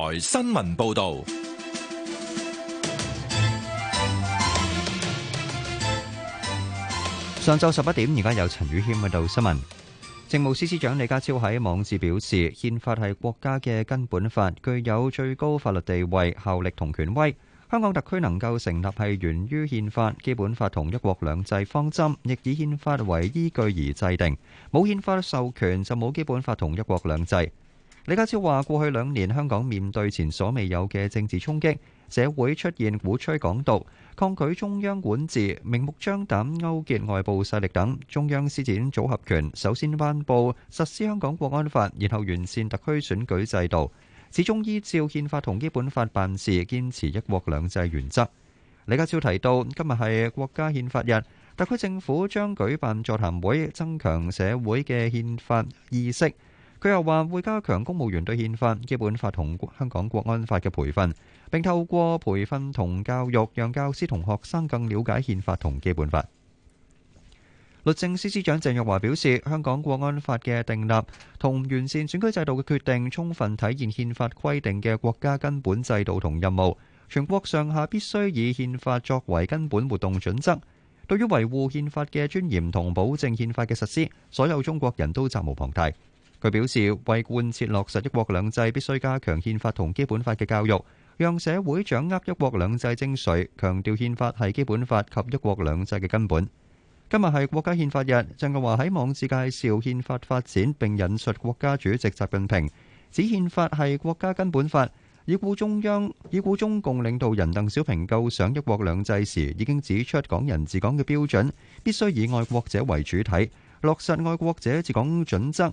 台新聞報道，上晝十一點，而家有陳宇謙報道新聞。政務司司長李家超喺網誌表示，憲法係國家嘅根本法，具有最高法律地位、效力同權威。香港特區能夠成立係源於憲法、基本法同一國兩制方針，亦以憲法為依據而制定。冇憲法授權就冇基本法同一國兩制。李家超話：過去兩年，香港面對前所未有嘅政治衝擊，社會出現鼓吹港獨、抗拒中央管治、明目張膽勾結外部勢力等，中央施展組合拳。首先，頒布實施香港國安法，然後完善特區選舉制度，始終依照憲法同基本法辦事，堅持一國兩制原則。李家超提到，今日係國家憲法日，特區政府將舉辦座談會，增強社會嘅憲法意識。佢又話會加強公務員對憲法、基本法同香港國安法嘅培訓，並透過培訓同教育，讓教師同學生更了解憲法同基本法。律政司司長鄭若驊表示，香港國安法嘅訂立同完善選舉制度嘅決定，充分體現憲法規定嘅國家根本制度同任務。全國上下必須以憲法作為根本活動準則，對於維護憲法嘅尊嚴同保證憲法嘅實施，所有中國人都責無旁貸。佢表示，為貫徹落實一國兩制，必須加強憲法同基本法嘅教育，讓社會掌握一國兩制精髓。強調憲法係基本法及一國兩制嘅根本。今日係國家憲法日，鄭國華喺網誌介紹憲法發展，並引述國家主席習近平指憲法係國家根本法，已故中央已故中共領導人鄧小平構想一國兩制時，已經指出港人治港嘅標準必須以愛國者為主體，落實愛國者治港準則。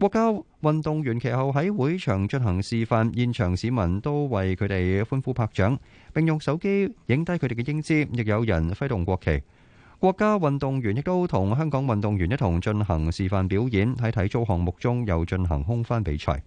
國家運動員其後喺會場進行示範，現場市民都為佢哋歡呼拍掌，並用手機影低佢哋嘅英姿，亦有人揮動國旗。國家運動員亦都同香港運動員一同進行示範表演。喺體操項目中，又進行空翻比賽。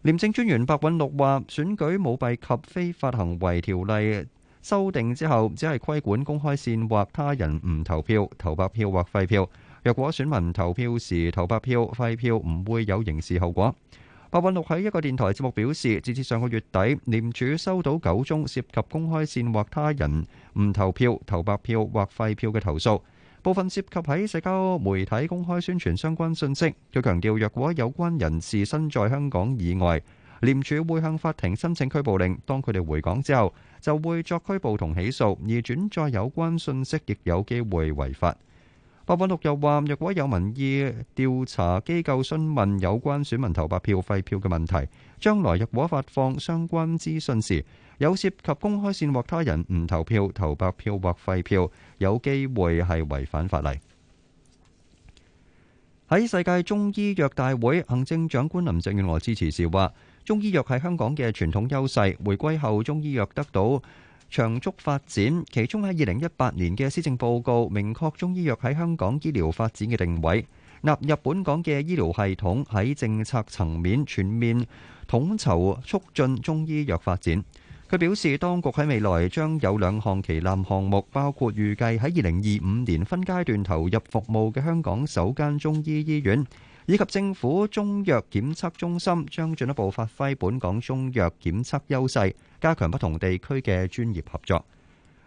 廉政專員白韞六話：選舉舞弊及非法行為條例修訂之後，只係規管公開煽惑他人唔投票、投白票或廢票。若果選民投票時投白票、廢票，唔會有刑事後果。白韞六喺一個電台節目表示，截至上個月底，廉署收到九宗涉及公開線或他人唔投票、投白票或廢票嘅投訴，部分涉及喺社交媒體公開宣傳相關信息。佢強調，若果有關人士身在香港以外，廉署會向法庭申請拘捕令。當佢哋回港之後，就會作拘捕同起訴。而轉載有關信息亦有機會違法。白韞六又話：若果有民意調查機構詢問有關選民投白票、廢票嘅問題，將來若果發放相關資訊時，有涉及公開煽惑他人唔投票、投白票或廢票，有機會係違反法例。喺世界中醫藥大會，行政長官林鄭月娥支持時話：中醫藥係香港嘅傳統優勢，回歸後中醫藥得到長足發展，其中喺二零一八年嘅施政報告，明確中醫藥喺香港醫療發展嘅定位，納入本港嘅醫療系統，喺政策層面全面統籌促進中醫藥發展。佢表示，當局喺未來將有兩項旗艦項目，包括預計喺二零二五年分階段投入服務嘅香港首間中醫醫院。以及政府中藥檢測中心將進一步發揮本港中藥檢測優勢，加強不同地區嘅專業合作。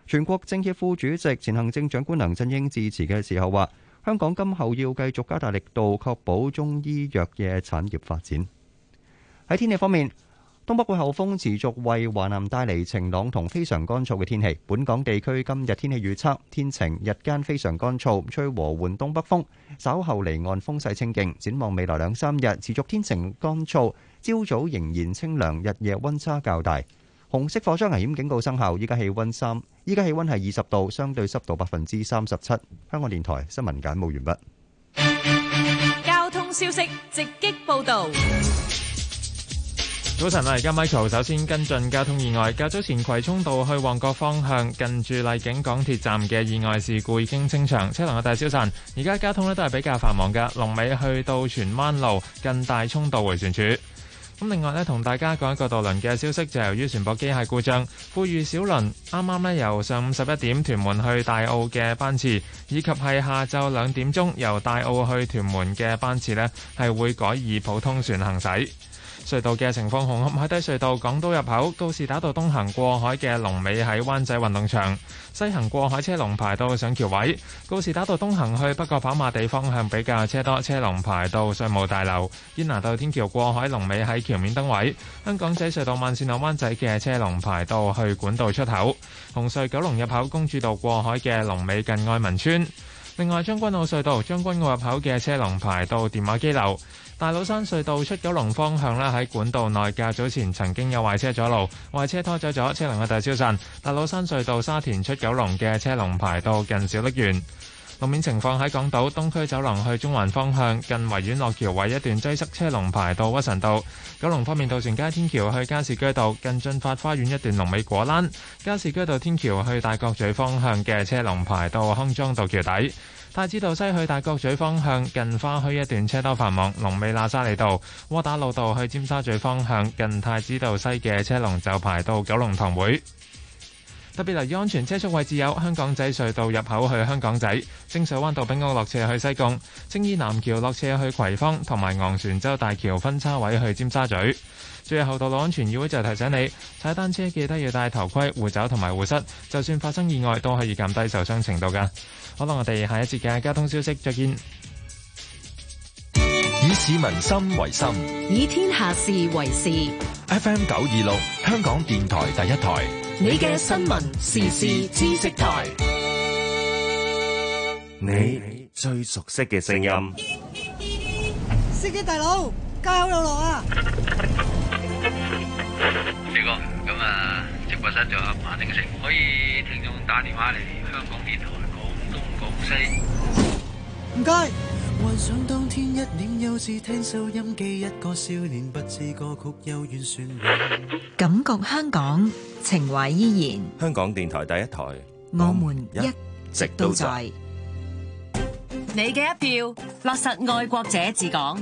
全國政協副主席、前行政長官梁振英致辭嘅時候話，香港今後要繼續加大力度，確保中醫藥嘅產業發展。喺天氣方面，東北季候風持續為華南帶嚟晴朗同非常乾燥嘅天氣。本港地區今日天氣預測：天晴，日間非常乾燥，吹和緩東北風。稍後離岸風勢清勁。展望未來兩三日，持續天晴乾燥，朝早仍然清涼，日夜溫差較大。紅色火災危險警告生效。依家氣溫三，依家氣溫係二十度，相對濕度百分之三十七。香港電台新聞簡報完畢。交通消息直擊報道。早晨啊，而家 Michael，首先跟進交通意外。較早前葵涌道去旺角方向，近住荔景港鐵站嘅意外事故已經清場，車輛有待消散。而家交通咧都係比較繁忙嘅，龍尾去到荃灣路近大涌道回旋處。咁另外咧，同大家講一個渡輪嘅消息，就係由於船舶機械故障，富裕小輪啱啱咧由上午十一點屯門去大澳嘅班次，以及係下晝兩點鐘由大澳去屯門嘅班次咧，係會改以普通船行駛。隧道嘅情況：紅磡海底隧道港島入口，告士打道東行過海嘅龍尾喺灣仔運動場；西行過海車龍排到上橋位。告士打道東行去北角跑馬地方向比較車多，車龍排到稅務大樓。堅拿道天橋過海龍尾喺橋面燈位。香港仔隧道慢線落灣仔嘅車龍排到去管道出口。紅隧九龍入口公主道過海嘅龍尾近愛民邨。另外，將軍澳隧道將軍澳入口嘅車龍排到電話機樓。大老山隧道出九龍方向咧，喺管道內較早前曾經有壞車阻路，壞車拖走咗車輛嘅大消散。大老山隧道沙田出九龍嘅車龍排到近小瀝源。路面情況喺港島東區走廊去中環方向，近維園落橋位一段擠塞，車龍排到屈臣道。九龍方面，渡船街天橋去加士居道近駿發花園一段，龍尾果欄。加士居道天橋去大角咀方向嘅車龍排到康莊道橋底。太子道西去大角咀方向近花墟一段車多繁忙，龍尾喇沙利道；窩打老道去尖沙咀方向近太子道西嘅車龍就排到九龍塘會。特別留意安全車速位置，有香港仔隧道入口去香港仔、清水灣道冰屋落車去西貢、青衣南橋落車去葵芳、同埋昂船洲大橋分叉位去尖沙咀。最後道路安全議會就提醒你，踩單車記得要戴頭盔、護肘同埋護膝，就算發生意外都可以減低受傷程度噶。好啦，我哋下一節嘅交通消息再見。以市民心為心，以天下事為事。FM 九二六，香港電台第一台。你嘅新聞時事知識台，你最熟悉嘅聲音，司機大佬，街口有落啊！四哥，咁啊，直播室仲有馬鼎盛，可以聽眾打電話嚟香港電台廣東廣西，唔該。幻想當天一臉幼稚聽收音機，一個少年不知歌曲幽怨旋律。感覺香港情懷依然。香港電台第一台，我們一直都在。你嘅一票，落實愛國者治港。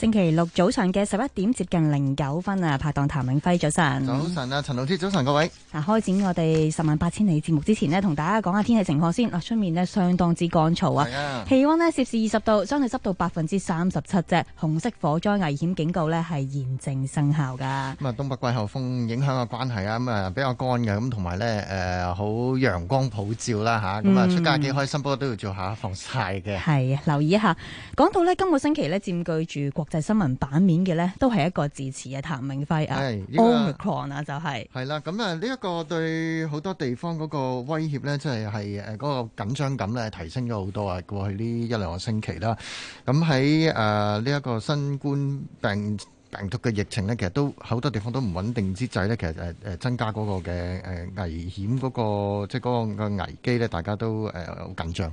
星期六早上嘅十一點接近零九分啊，拍檔譚永輝早晨。早晨啊，陳老師早晨各位。嗱，開展我哋十萬八千里節目之前咧，同大家講下天氣情況先。嗱，出面咧相當之乾燥啊，氣溫咧攝氏二十度，相對濕度百分之三十七啫。紅色火災危險警告咧係現正生效噶。咁啊，東北季候風影響嘅關係啊，咁啊比較乾嘅，咁同埋咧誒好陽光普照啦吓，咁啊、嗯、出街幾開心，不過都要做下防曬嘅。係留意一下。講到咧今個星期咧佔據住國。就係、是、新聞版面嘅咧，都係一個字詞嘅譚明輝啊、這個、Omicron 啊、就是，就係。係啦，咁啊，呢一個對好多地方嗰個威脅咧，即係係誒嗰個緊張感咧，提升咗好多啊！過去呢一,一兩個星期啦，咁喺誒呢一個新冠病，病毒嘅疫情咧，其實都好多地方都唔穩定之際咧，其實誒誒、呃呃、增加嗰個嘅誒、呃、危險嗰、那個即係嗰個嘅危機咧，大家都誒好、呃、緊張。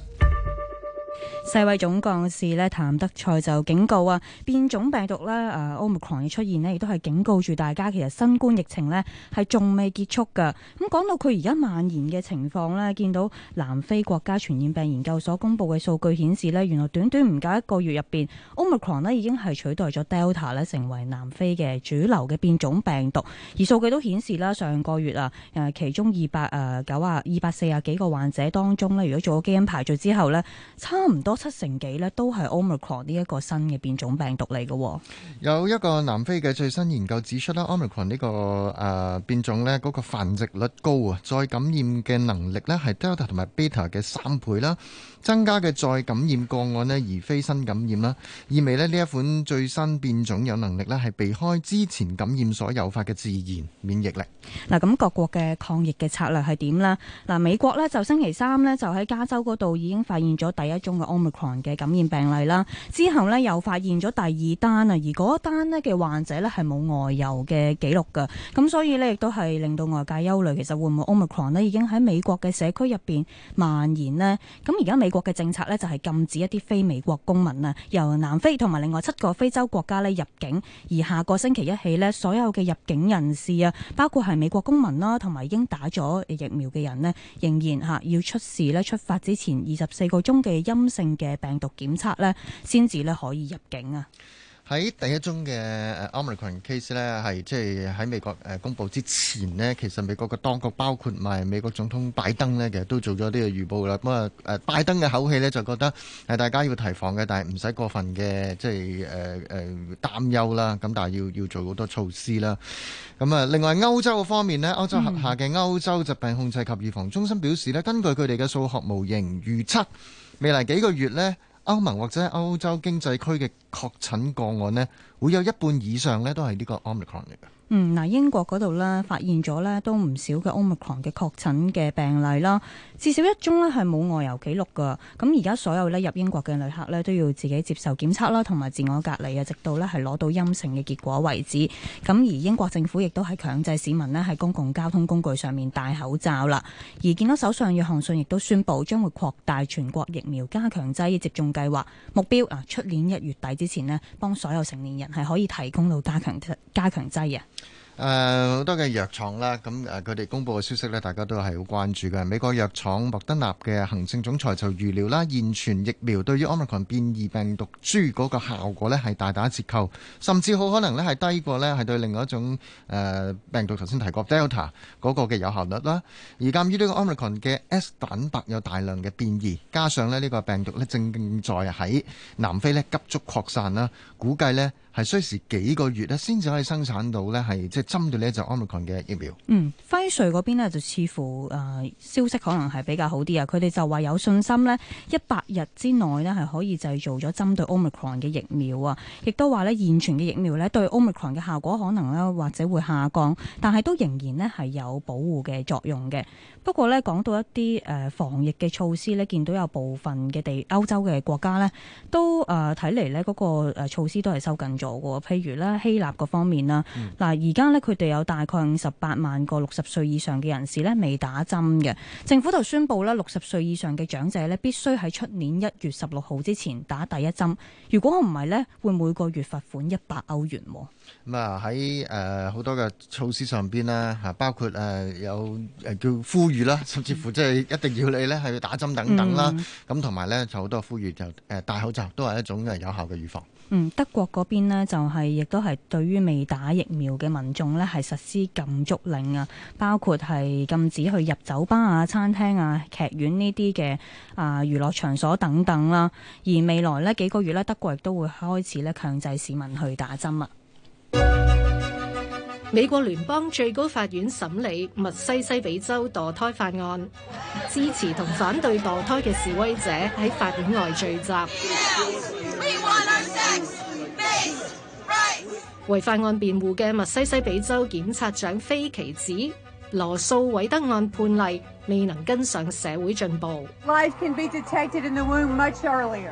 世衛總幹事咧譚德賽就警告啊，變種病毒咧誒奧密克戎嘅出現咧，亦都係警告住大家，其實新冠疫情咧係仲未結束㗎。咁講到佢而家蔓延嘅情況咧，見到南非國家傳染病研究所公布嘅數據顯示咧，原來短短唔夠一個月入邊，奧密克戎咧已經係取代咗 Delta 咧成為南非嘅主流嘅變種病毒。而數據都顯示咧，上個月啊誒其中二百誒九啊二百四啊幾個患者當中咧，如果做咗基因排序之後咧，差唔多，七成幾咧都係 Omicron 呢一個新嘅變種病毒嚟嘅，哦。有一個南非嘅最新研究指出啦，Omicron 呢個誒、呃、變種呢嗰個繁殖率高啊，再感染嘅能力呢係 Delta 同埋 Beta 嘅三倍啦，增加嘅再感染個案呢，而非新感染啦，意味呢，呢一款最新變種有能力呢係避開之前感染所誘發嘅自然免疫力。嗱咁各國嘅抗疫嘅策略係點呢？嗱，美國呢就星期三呢就喺加州嗰度已經發現咗第一宗嘅 Omicron 嘅感染病例啦，之後呢又發現咗第二單啊，而嗰單呢嘅患者呢，係冇外遊嘅記錄噶，咁所以呢，亦都係令到外界憂慮，其實會唔會 Omicron 呢已經喺美國嘅社區入邊蔓延呢？咁而家美國嘅政策呢，就係禁止一啲非美國公民啊由南非同埋另外七個非洲國家呢入境，而下個星期一起呢，所有嘅入境人士啊，包括係美國公民啦，同埋已經打咗疫苗嘅人呢，仍然吓要出示呢出發之前二十四個鐘嘅陰性。嘅病毒檢測呢，先至呢可以入境啊！喺第一宗嘅 Omicron case 呢，係即係喺美國誒公布之前呢，其實美國嘅當局包括埋美國總統拜登呢，其實都做咗呢個預報啦。咁啊，誒拜登嘅口氣呢，就覺得係大家要提防嘅，但係唔使過分嘅，即係誒誒擔憂啦。咁但係要要做好多措施啦。咁啊，另外歐洲方面呢，歐洲轄下嘅歐洲疾病控制及預防中心表示呢、嗯，根據佢哋嘅數學模型預測。未來幾個月呢，歐盟或者歐洲經濟區嘅確診個案呢，會有一半以上呢都係呢個 Omicron 嚟嘅。嗯，嗱，英國嗰度呢發現咗呢都唔少嘅 Omicron 嘅確診嘅病例啦。至少一宗呢係冇外遊記錄噶。咁而家所有呢入英國嘅旅客呢都要自己接受檢測啦，同埋自我隔離啊，直到呢係攞到陰性嘅結果為止。咁而英國政府亦都係強制市民呢喺公共交通工具上面戴口罩啦。而見到首相約翰遜亦都宣布將會擴大全國疫苗加強劑接種計劃目標啊，出年一月底之前呢幫所有成年人係可以提供到加強加強劑啊。誒好多嘅藥廠啦，咁佢哋公布嘅消息呢，大家都係好關注嘅。美國藥廠莫德納嘅行政總裁就預料啦，現存疫苗對於 Omicron 變異病毒株嗰個效果呢，係大打折扣，甚至好可能呢係低過呢係對另外一種病毒頭先提過 Delta 嗰個嘅有效率啦。而鑑於呢個 Omicron 嘅 S 蛋白有大量嘅變異，加上呢個病毒呢正在喺南非呢急速擴散啦，估計呢係需時幾個月呢先至可以生產到呢係即。針對呢就 Omicron 嘅疫苗，嗯，輝瑞嗰邊咧就似乎誒、呃、消息可能係比較好啲啊，佢哋就話有信心呢，一百日之內呢係可以製造咗針對 Omicron 嘅疫苗啊，亦都話呢，現存嘅疫苗咧對 Omicron 嘅效果可能呢或者會下降，但係都仍然呢係有保護嘅作用嘅。不過呢，講到一啲誒、呃、防疫嘅措施呢，見到有部分嘅地歐洲嘅國家呢都誒睇嚟呢嗰、那個措施都係收緊咗嘅，譬如呢，希臘嗰方面啦，嗱而家。佢哋有大概五十八萬個六十歲以上嘅人士咧，未打針嘅。政府就宣布咧，六十歲以上嘅長者咧，必須喺出年一月十六號之前打第一針。如果唔係咧，會每個月罰款一百歐元。咁、嗯、啊，喺誒好多嘅措施上邊咧，吓包括誒有誒叫呼籲啦，甚至乎即係一定要你咧係要打針等等啦。咁同埋咧就好多呼籲就誒戴口罩都係一種有效嘅預防。嗯，德國嗰邊呢，就係亦都係對於未打疫苗嘅民眾呢，係實施禁足令啊，包括係禁止去入酒吧啊、餐廳啊、劇院呢啲嘅啊娛樂場所等等啦。而未來呢幾個月咧，德國亦都會開始咧強制市民去打針啊。美國聯邦最高法院審理密西西比州墮胎法案，支持同反對墮胎嘅示威者喺法院外聚集。為、yeah, 法案辯護嘅密西西比州檢察長菲奇指，羅素·韋德案判例未能跟上社會進步。Life can be detected in the womb much earlier.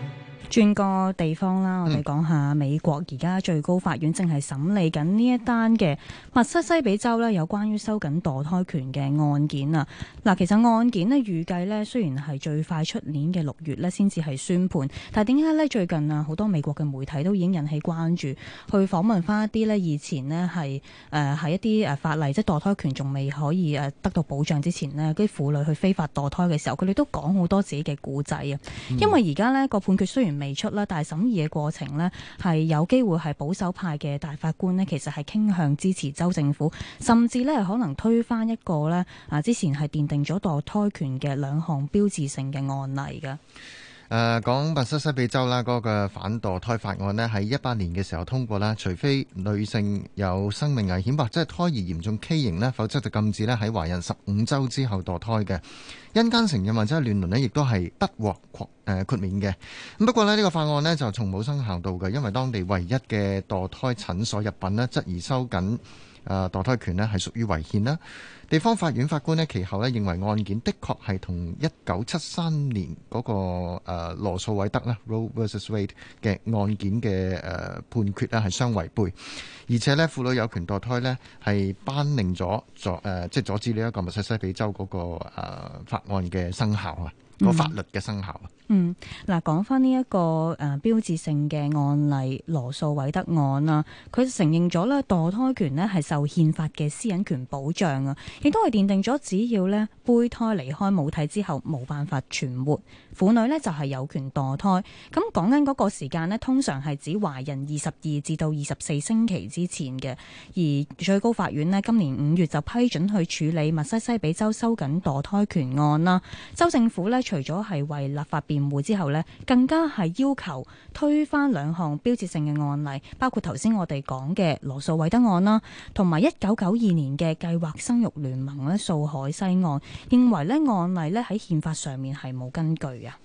轉個地方啦，我哋講下美國而家最高法院正係審理緊呢一單嘅密西西比州呢有關於收緊墮胎權嘅案件啊！嗱，其實案件呢預計呢，雖然係最快出年嘅六月呢先至係宣判，但係點解呢？最近啊好多美國嘅媒體都已經引起關注，去訪問翻一啲呢，以前呢係誒喺一啲法例即係墮胎權仲未可以得到保障之前呢，嗰啲婦女去非法墮胎嘅時候，佢哋都講好多自己嘅故仔啊、嗯！因為而家呢個判決雖然，未出啦，但係審議嘅過程呢，係有機會係保守派嘅大法官呢，其實係傾向支持州政府，甚至呢，可能推翻一個呢啊之前係奠定咗墮胎權嘅兩項標誌性嘅案例嘅。誒講密西西比州啦，嗰個反墮胎法案咧喺一八年嘅時候通過啦，除非女性有生命危險或者係胎兒嚴重畸形咧，否則就禁止咧喺懷孕十五週之後墮胎嘅。因奸成孕或者係亂倫咧，亦都係不獲豁誒豁免嘅。咁不過咧，呢個法案呢，就從冇生效到嘅，因為當地唯一嘅墮胎診所入稟咧質疑收緊。誒墮胎權咧係屬於違憲啦，地方法院法官呢，其後咧認為案件的確係同一九七三年嗰個羅素維德啦 （Roe v. w a e 嘅案件嘅判決係相違背，而且呢，婦女有權墮胎呢係班令咗阻即阻止呢一個密西西比州嗰個法案嘅生效啊！法律嘅生效啊！嗯，嗱、嗯，講翻呢一個誒標誌性嘅案例羅素韋德案啊，佢承認咗呢墮胎權呢係受憲法嘅私隱權保障啊，亦都係奠定咗只要呢胚胎離開母體之後冇辦法存活，婦女呢就係有權墮胎。咁講緊嗰個時間呢，通常係指懷孕二十二至到二十四星期之前嘅。而最高法院呢，今年五月就批准去處理密西西比州收緊墮胎權案啦，州政府呢，除咗係為立法辯護之後呢，更加係要求推翻兩項標誌性嘅案例，包括頭先我哋講嘅羅素韋德案啦，同埋一九九二年嘅計劃生育聯盟咧訴海西案，認為呢案例咧喺憲法上面係冇根據啊。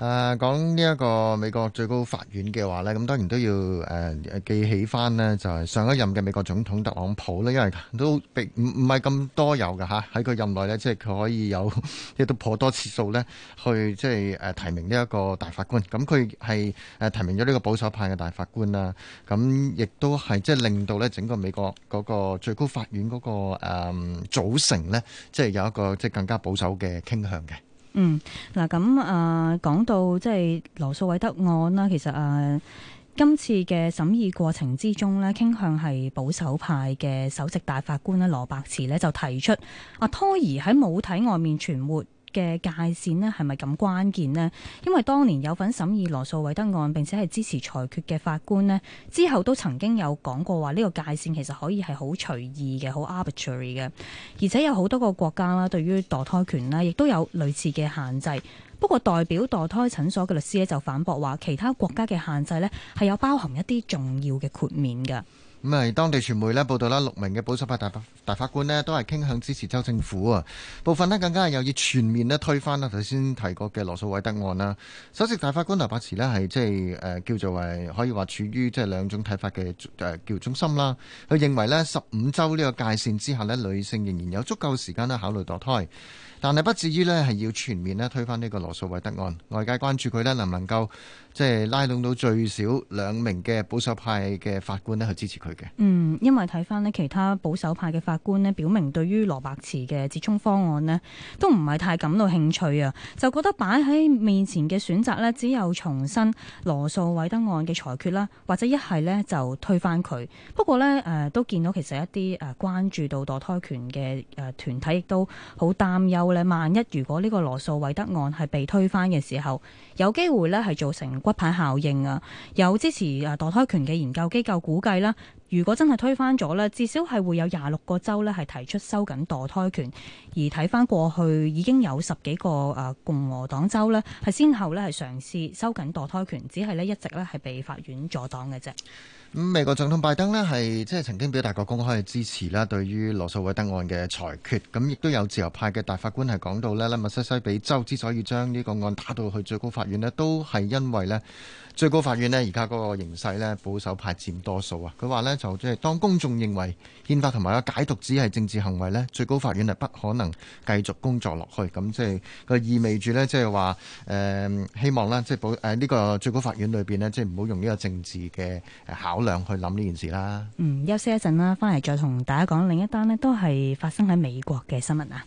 誒，講呢一個美國最高法院嘅話呢，咁當然都要誒記起翻呢，就係上一任嘅美國總統特朗普呢，因為都並唔唔係咁多有嘅吓，喺佢任內呢，即係佢可以有亦都頗多次數呢去即係誒提名呢一個大法官。咁佢係誒提名咗呢個保守派嘅大法官啦。咁亦都係即係令到呢整個美國嗰個最高法院嗰個誒組成呢，即係有一個即係更加保守嘅傾向嘅。嗯，嗱咁啊，講到即係羅訴韋德案啦，其實啊，今次嘅審議過程之中咧，傾向係保守派嘅首席大法官咧羅伯茨咧就提出啊，胎兒喺母體外面存活嘅界線呢係咪咁關鍵呢？因為當年有份審議羅素韋德案，並且係支持裁決嘅法官呢，之後都曾經有講過話呢個界線其實可以係好隨意嘅，好 arbitrary 嘅。而且有好多個國家啦，對於墮胎權咧，亦都有類似嘅限制。不過代表墮胎診所嘅律師咧就反駁話，其他國家嘅限制呢係有包含一啲重要嘅豁免嘅。咁係當地傳媒呢報道啦，六名嘅保守派大法大法官呢都係傾向支持州政府啊。部分呢更加係又要全面呢推翻啦。頭先提過嘅羅素維德案啦，首席大法官羅伯茨呢係即係叫做係可以話處於即係兩種睇法嘅誒叫中心啦。佢認為呢，十五週呢個界線之下呢，女性仍然有足夠時間呢考慮墮胎，但係不至於呢係要全面呢推翻呢個羅素維德案。外界關注佢呢能唔能夠？即係拉攏到最少兩名嘅保守派嘅法官咧去支持佢嘅。嗯，因為睇翻咧其他保守派嘅法官咧，表明對於羅伯茨嘅折衷方案咧，都唔係太感到興趣啊，就覺得擺喺面前嘅選擇咧，只有重申羅素韋德案嘅裁決啦，或者一係咧就推翻佢。不過咧，誒、呃、都見到其實一啲誒關注到墮胎權嘅誒團體亦都好擔憂咧，萬一如果呢個羅素韋德案係被推翻嘅時候，有機會咧係造成骨牌效應啊，有支持啊墮胎權嘅研究機構估計啦，如果真係推翻咗呢，至少係會有廿六個州呢係提出收緊墮胎權，而睇返過去已經有十幾個啊共和黨州呢，係先後呢係嘗試收緊墮胎權，只係呢一直呢係被法院阻擋嘅啫。咁美國總統拜登呢，係即係曾經表達過公開支持啦，對於羅素維德案嘅裁決。咁亦都有自由派嘅大法官係講到呢，密西西比州之所以將呢個案打到去最高法院呢，都係因為呢最高法院呢而家嗰個形勢呢保守派佔多數啊。佢話呢就即係當公眾認為憲法同埋解讀只係政治行為呢，最高法院係不可能繼續工作落去。咁即係佢意味住呢即係話誒希望咧即係保呢個最高法院裏面，呢即係唔好用呢個政治嘅考量去諗呢件事啦。嗯，休息一陣啦，翻嚟再同大家講另一單呢都係發生喺美國嘅新聞啊。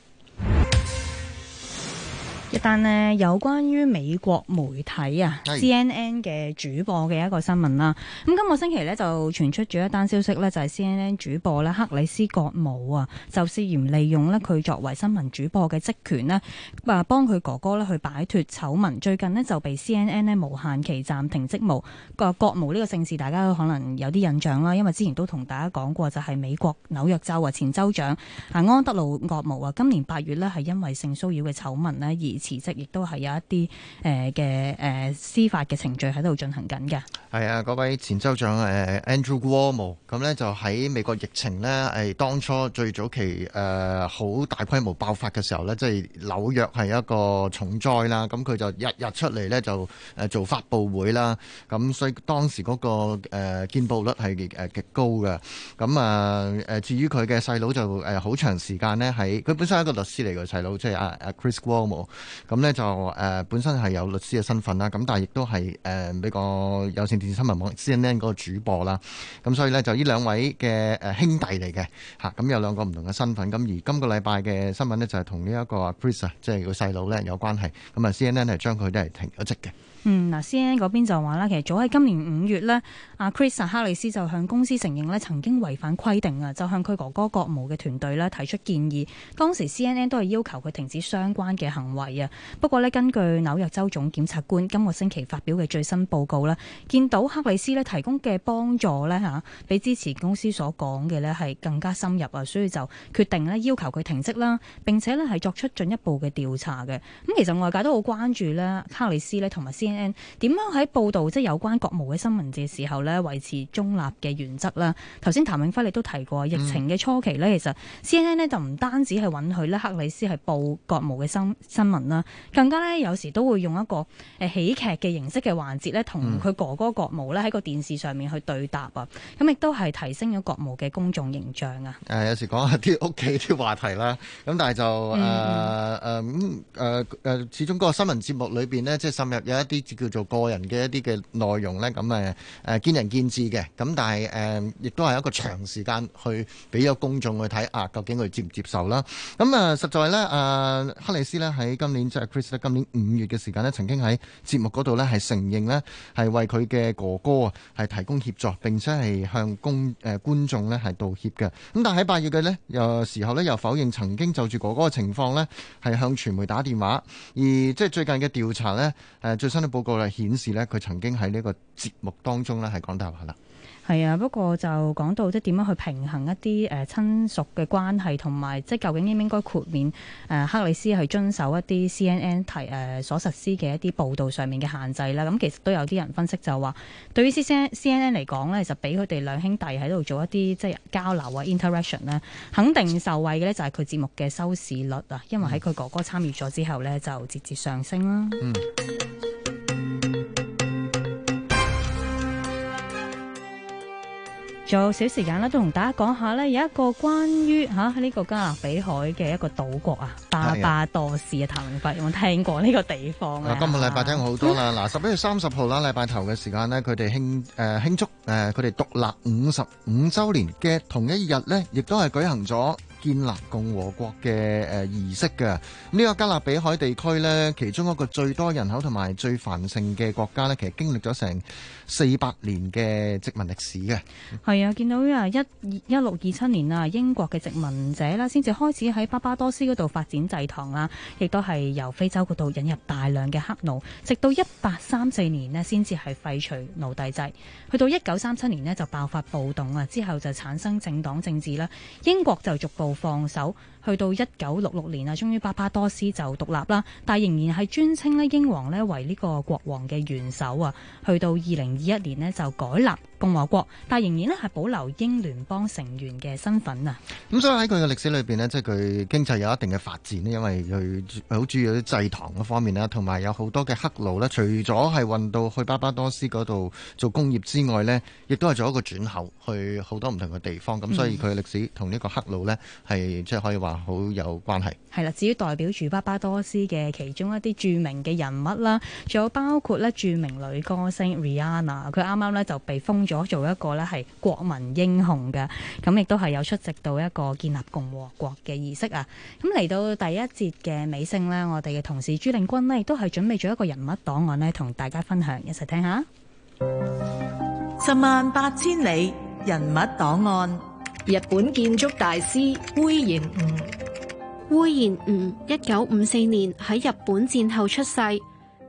一單呢有關於美國媒體啊，CNN 嘅主播嘅一個新聞啦。咁今個星期呢，就傳出咗一單消息呢就係、是、CNN 主播呢，克里斯國務啊，就涉嫌利用呢佢作為新聞主播嘅職權呢，啊幫佢哥哥呢去擺脱醜聞。最近呢，就被 CNN 呢無限期暫停職務。個國務呢個姓氏大家都可能有啲印象啦，因為之前都同大家講過就係、是、美國紐約州啊前州長啊安德魯國務啊，今年八月呢，係因為性騷擾嘅醜聞呢。而。辭職亦都係有一啲誒嘅誒司法嘅程序喺度進行緊嘅。係啊，嗰位前州長誒、呃、Andrew Cuomo，咁咧就喺美國疫情咧誒、呃、當初最早期誒好、呃、大規模爆發嘅時候咧，即係紐約係一個重災啦。咁佢就日日出嚟咧就誒做發佈會啦。咁所以當時嗰、那個誒、呃、見報率係誒極高嘅。咁啊誒，至於佢嘅細佬就誒好長時間咧喺佢本身係一個律師嚟嘅細佬，即係阿阿 Chris Cuomo。咁呢就誒、呃、本身係有律師嘅身份啦，咁但係亦都係誒比個有線電視新聞網 C N N 嗰個主播啦，咁所以呢，就呢兩位嘅、呃、兄弟嚟嘅嚇，咁、嗯、有兩個唔同嘅身份，咁而今個禮拜嘅新聞呢，就係同呢一個 Chris 啊即係佢細佬呢，有關係，咁啊 C N N 係將佢都係停咗職嘅。嗯，嗱，CNN 嗰邊就話啦，其實早喺今年五月呢，阿 Chris 克里斯就向公司承認咧，曾經違反規定啊，就向佢哥哥國務嘅團隊咧提出建議。當時 CNN 都係要求佢停止相關嘅行為啊。不過呢，根據紐約州總檢察官今個星期發表嘅最新報告呢，見到克里斯咧提供嘅幫助呢嚇，比之前公司所講嘅呢係更加深入啊，所以就決定咧要求佢停職啦，並且呢係作出進一步嘅調查嘅。咁其實外界都好關注呢克里斯呢同埋 CNN。點樣喺報導即係有關國務嘅新聞字嘅時候咧，維持中立嘅原則啦。頭先譚永輝你都提過，疫情嘅初期咧、嗯，其實 C N N 咧就唔單止係允許咧克里斯係報國務嘅新新聞啦，更加咧有時都會用一個誒喜劇嘅形式嘅環節咧，同佢哥哥國務咧喺個電視上面去對答啊，咁、嗯、亦都係提升咗國務嘅公眾形象啊。誒、呃、有時講下啲屋企啲話題啦，咁但係就誒誒咁誒始終嗰個新聞節目裏邊呢，即係滲入有一啲。叫做個人嘅一啲嘅內容呢，咁誒誒見仁見智嘅，咁但係、呃、亦都係一個長時間去俾咗公眾去睇啊，究竟佢接唔接受啦？咁、嗯、啊，實在呢，誒、呃、克里斯呢喺今年即係 Chris 呢，今年五月嘅時間呢，曾經喺節目嗰度呢係承認呢係為佢嘅哥哥啊係提供協助，並且係向公誒、呃、觀眾呢係道歉嘅。咁但係喺八月嘅呢，有時候呢又否認曾經就住哥哥嘅情況呢係向傳媒打電話，而即係最近嘅調查呢，最新的報告咧顯示咧，佢曾經喺呢個節目當中咧係講大話啦。係啊，不過就講到即點樣去平衡一啲誒、呃、親屬嘅關係，同埋即究竟應唔應該豁免誒、呃、克里斯去遵守一啲 CNN 提誒、呃、所實施嘅一啲報導上面嘅限制咧？咁其實都有啲人分析就話，對於 CNNCNN 嚟講咧，就實俾佢哋兩兄弟喺度做一啲即交流啊 interaction 咧，肯定受惠嘅咧就係佢節目嘅收視率啊，因為喺佢哥哥參與咗之後咧，就節節上升啦。嗯。仲有少時間啦，都同大家講下咧，有一個關於吓呢個加勒比海嘅一個島國啊，巴巴多斯嘅。譚明發，有冇聽過呢個地方咧？今個禮拜聽好多啦，嗱十一月三十號啦，禮拜頭嘅時間咧，佢哋慶誒慶祝誒佢哋獨立五十五周年嘅同一日咧，亦都係舉行咗，建立共和國嘅誒，儀式嘅，呢、這個加勒比海地區咧，其中一個最多人口同埋最繁盛嘅國家咧,其實經歷咗成四百年嘅殖民歷史嘅。係啊，見到啊一二一六二七年啊，英國嘅殖民者啦，先至開始喺巴巴多斯嗰度發展製糖啦，亦都係由非洲嗰度引入大量嘅黑奴，直到一八三四年咧，先至係廢除奴隸制。去到一九三七年咧，就爆發暴動啊，之後就產生政黨政治啦，英國就逐步。放手。去到一九六六年啊，終於巴巴多斯就獨立啦，但仍然係尊稱咧英王呢為呢個國王嘅元首啊。去到二零二一年呢，就改立共和國，但仍然咧係保留英聯邦成員嘅身份啊。咁所以喺佢嘅歷史裏邊呢，即係佢經濟有一定嘅發展咧，因為佢好注意啲製糖方面啦，同埋有好多嘅黑奴呢。除咗係運到去巴巴多斯嗰度做工業之外呢，亦都係做一個轉口去好多唔同嘅地方。咁所以佢嘅歷史同呢個黑奴呢，係即係可以話好有關係。係啦，至於代表住巴巴多斯嘅其中一啲著名嘅人物啦，仲有包括咧著名女歌星 Rihanna，佢啱啱咧就被封咗做一個咧係國民英雄嘅，咁亦都係有出席到一個建立共和國嘅儀式啊。咁嚟到第一節嘅尾聲呢，我哋嘅同事朱令筠呢，亦都係準備咗一個人物檔案呢，同大家分享一齊聽一下。十萬八千里人物檔案。日本建築大師隈研吾，隈研吾一九五四年喺日本戰後出世，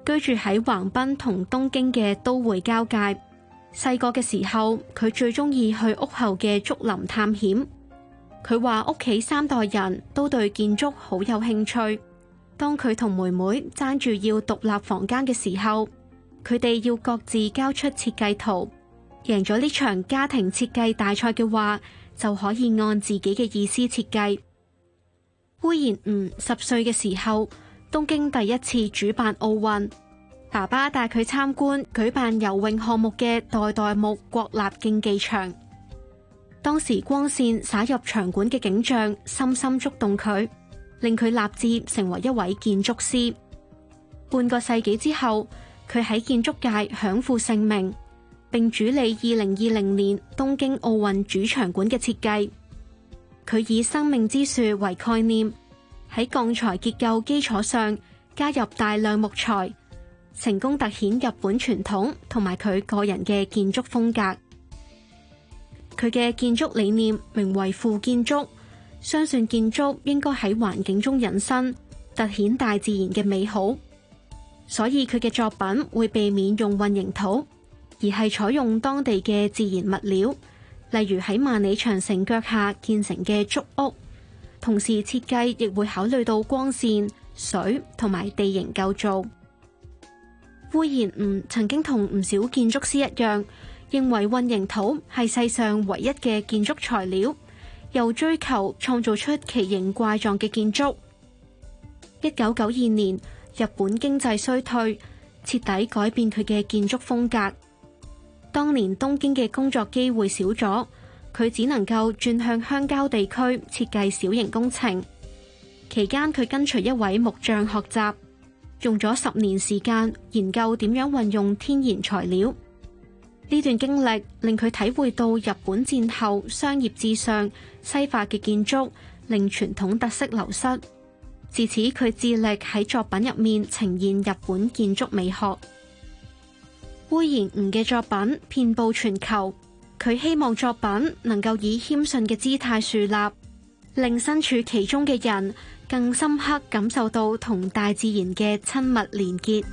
居住喺橫濱同東京嘅都會交界。細個嘅時候，佢最中意去屋後嘅竹林探險。佢話屋企三代人都對建築好有興趣。當佢同妹妹爭住要獨立房間嘅時候，佢哋要各自交出設計圖，贏咗呢場家庭設計大賽嘅話，就可以按自己嘅意思設計。隈研吾十歲嘅時候，東京第一次主辦奧運，爸爸帶佢參觀舉辦游泳項目嘅代代木國立競技場，當時光線灑入場館嘅景象深深觸動佢，令佢立志成為一位建築師。半個世紀之後，佢喺建築界享負盛名。並主理二零二零年東京奧運主場館嘅設計，佢以生命之樹為概念，喺鋼材結構基礎上加入大量木材，成功突顯日本傳統同埋佢個人嘅建築風格。佢嘅建築理念名為負建築，相信建築應該喺環境中隱身，突顯大自然嘅美好，所以佢嘅作品會避免用混凝土。而係採用當地嘅自然物料，例如喺萬里長城腳下建成嘅竹屋。同時設計亦會考慮到光線、水同埋地形構造。隈研吾曾經同唔少建築師一樣，認為混凝土係世上唯一嘅建築材料，又追求創造出奇形怪狀嘅建築。一九九二年，日本經濟衰退，徹底改變佢嘅建築風格。當年東京嘅工作機會少咗，佢只能夠轉向鄉郊地區設計小型工程。期間佢跟隨一位木匠學習，用咗十年時間研究點樣運用天然材料。呢段經歷令佢體會到日本戰後商業至上、西化嘅建築令傳統特色流失。自此，佢致力喺作品入面呈現日本建築美學。隈研吾嘅作品遍布全球，佢希望作品能夠以謙遜嘅姿態樹立，令身處其中嘅人更深刻感受到同大自然嘅親密連結。